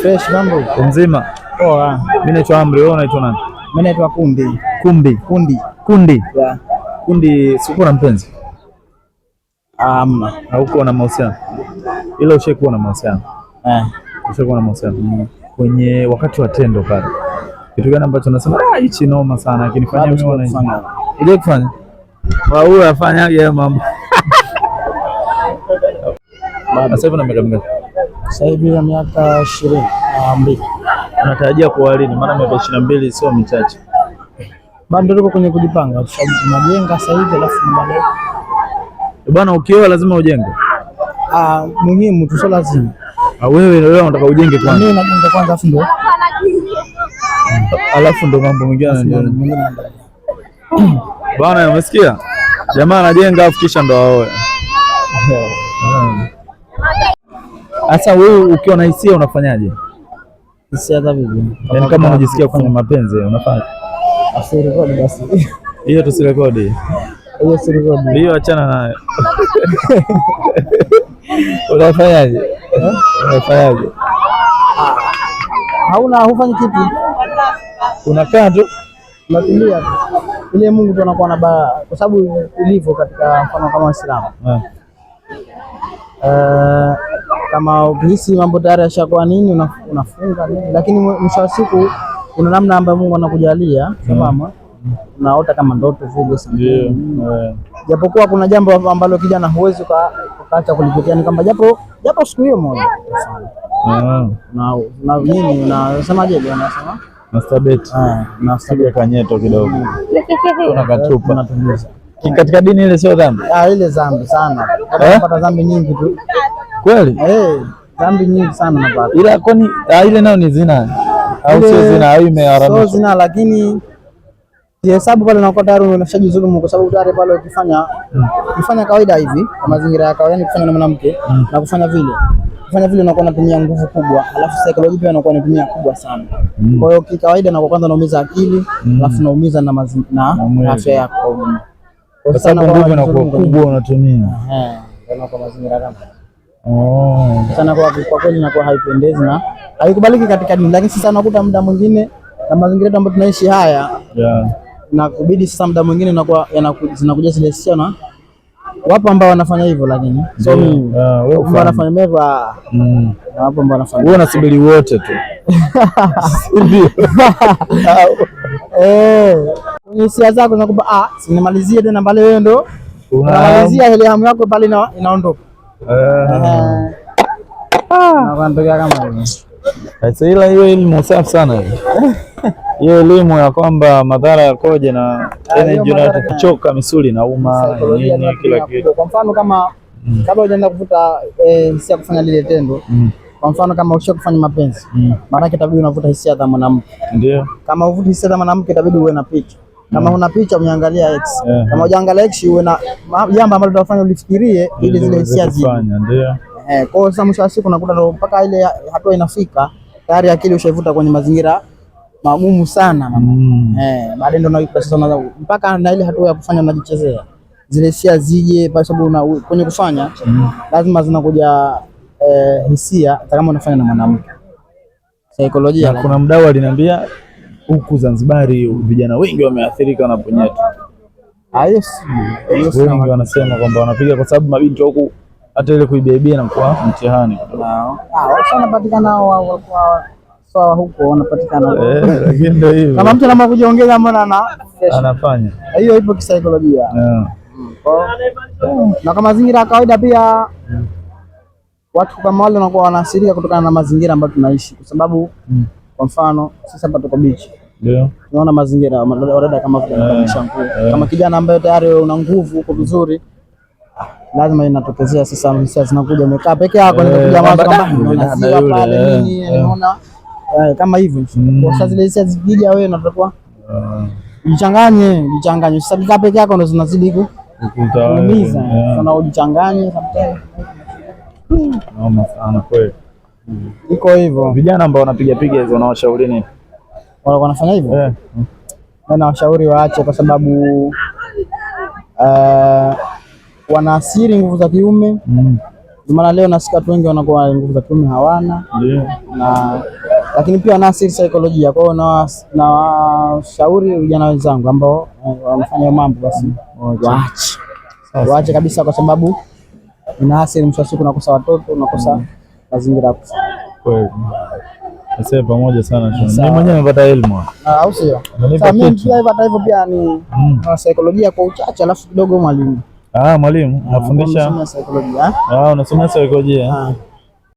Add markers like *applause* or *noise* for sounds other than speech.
Fresh mambo mzima. Poa. Mimi naitwa Amri, wewe unaitwa nani? Mimi naitwa Kundi. Kundi. Kundi. Kundi. Yeah. Kundi, sikuwa na mpenzi? Amna. Um, Hauko na mahusiano? Ila ushakuwa na mahusiano? Eh. Ushakuwa na mahusiano. Mm. Kwenye wakati wa tendo pale. Kitu gani ambacho nasema ah, hichi noma sana, lakini mimi wana. Ile kufanya. Wao wafanyaje mambo? *laughs* Sasa hivi na miaka mingapi? Sasa hivi na miaka ishirini na mbili. Anatarajia kuwa lini? Maana miaka ishirini na mbili sio michache. Bado tuko kwenye kujipanga kwa sababu tunajenga sasa hivi, alafu baadaye. Eh, bwana, ukioa lazima ujenge. Ah, muhimu tu, sio lazima. Ah, wewe leo unataka ujenge kwanza. Mimi najenga kwanza alafu ndio Alafu ndo mambo mengine yanaendelea. Bwana, umesikia? Jamaa anajenga afu kisha ndo aoe. Eh. Sasa wewe ukiwa na hisia unafanyaje? Hisia za vipi? Yaani kama unajisikia kufanya mapenzi unafanya? Asirekodi basi. Hiyo tusirekodi. Hiyo sirekodi. Hiyo achana nayo. Unafanyaje? Eh? Unafanyaje? Hauna hufanyi kitu. Unakaa tu. Unatulia tu. Ile Mungu tu anakuwa na kwa sababu ilivyo katika mfano kama Uislamu. Eh. Uh, kama ukihisi mambo tayari yashakuwa nini unafunga nini, lakini mwisho wa siku kuna namna ambayo Mungu anakujalia salama, unaota kama ndoto vile, japokuwa kuna jambo ambalo kijana huwezi ukaacha kulipitia, ni kama japo japo siku hiyo moja na nini, unasemaje unasema ah, kanyeto kidogo *laughs* katika dini ile, sio dhambi ah, ile dhambi sana, eh? unapata dhambi nyingi tu Kweli? Eh, dhambi nyingi sana napata. Ila kwani ah, ile nayo ni zina au sio zina au imeharamishwa? Sio zina lakini hesabu pale unakuwa tayari umeshajizulumu kwa sababu tayari pale ukifanya hmm. ukifanya kawaida hivi kwa mazingira ya kawaida, kufanya na mwanamke hmm. na kufanya vile kufanya vile unakuwa unatumia nguvu kubwa, alafu saikolojia pia unakuwa unatumia kubwa sana. Hmm. Kwa hiyo kikawaida na kwa kwanza naumiza akili, alafu naumiza na na afya yako kwa sababu nguvu inakuwa kubwa unatumia eh, kwa mazingira kama Oh. Sana kwa kwa kweli kwa haipendezi na haikubaliki katika dini, lakini sasa unakuta muda mwingine na mazingira yetu ambayo tunaishi haya yeah. Na kubidi sasa muda mwingine inakuwa zinakuja zile sio na wapo ambao wanafanya hivyo lakini so yeah. Mimi yeah, wewe unafanya hivyo mm. Wapo ambao wanafanya wewe unasubiri wote tu *laughs* ndio *laughs* eh kwenye hisia zako nakupa ah, sinimalizie tena mbali, wewe ndo unamalizia ile hamu yako bali inaondoka sasa ila hiyo elimu safi sana hiyo elimu ya kwamba madhara yakoje na ah, energy na kuchoka, misuli uma nini, kila kitu. Kwa mfano kama mm. kabla hujaenda kuvuta eh, hisia kufanya lile tendo, mm. kwa mfano kama ushia kufanya mapenzi, mm. maana yake itabidi unavuta hisia za mwanamke. Ndio. Kama uvuti hisia za mwanamke itabidi uwe na picha kama mm. una picha umeangalia X, kama hujaangalia X, uwe na jambo ambalo utafanya ulifikirie, ili zile hisia zifanye. eh, kwa mwisho wa siku unakuta mpaka ile hatua inafika tayari akili ushaivuta kwenye mazingira magumu sana mm. Eh, baadaye ndo na mpaka na ile hatua ya kufanya unajichezea zile hisia zije, kwa sababu kwenye kufanya mm. lazima zinakuja eh, hisia hata kama unafanya na mwanamke saikolojia. Kuna mdau aliniambia huku Zanzibari vijana wengi wameathirika wanaponyata. Ah, wengi wanasema kwamba wanapiga kwa sababu mabinti huku hata ile kuibiaibia nakuwa mtihani ah, anafanya ah, hiyo, ipo kisaikolojia mm, na kwa mazingira ya kawaida pia watu kama wale wanakuwa wanaathirika kutokana na mazingira ambayo tunaishi, kwa sababu mm. kwa mfano sisi hapa tuko bichi ndio unaona mazingira wadada kama vile eh, nguo yeah. Kama kijana ambaye tayari una nguvu uko vizuri ah, lazima inatokezea sasa, msia zinakuja umekaa peke yako pale eh, nini, eh, unaona kama hivyo mm. sasa, zile hisia zikija wewe unatakuwa ah. jichanganye, jichanganye sasa, kaa peke yako ndo zinazidi kuumiza sana, ujichanganye iko hivyo. Vijana ambao wanapiga piga hizo unawashauri nini? wanafanya hivyo yeah. Na washauri waache, kwa sababu uh, eh, wanaasiri nguvu za kiume mm. maana leo nasikia watu wengi wanakuwa nguvu za kiume hawana yeah. Na lakini pia wanaasiri saikolojia. Kwa hiyo na washauri vijana wenzangu ambao eh, wanafanya mambo basi waache waache kabisa, kwa sababu inaathiri, mwisho wa siku unakosa watoto, unakosa mm. mazingira. Sasa pamoja sana mimi mwenyewe nimepata elimu. Ah, au sio? Mimi pia hata hivyo pia ni mm. saikolojia kwa uchache, alafu kidogo mwalimu. Ah, mwalimu anafundisha ah, saikolojia. Eh? Ah, unasomea saikolojia. Ah.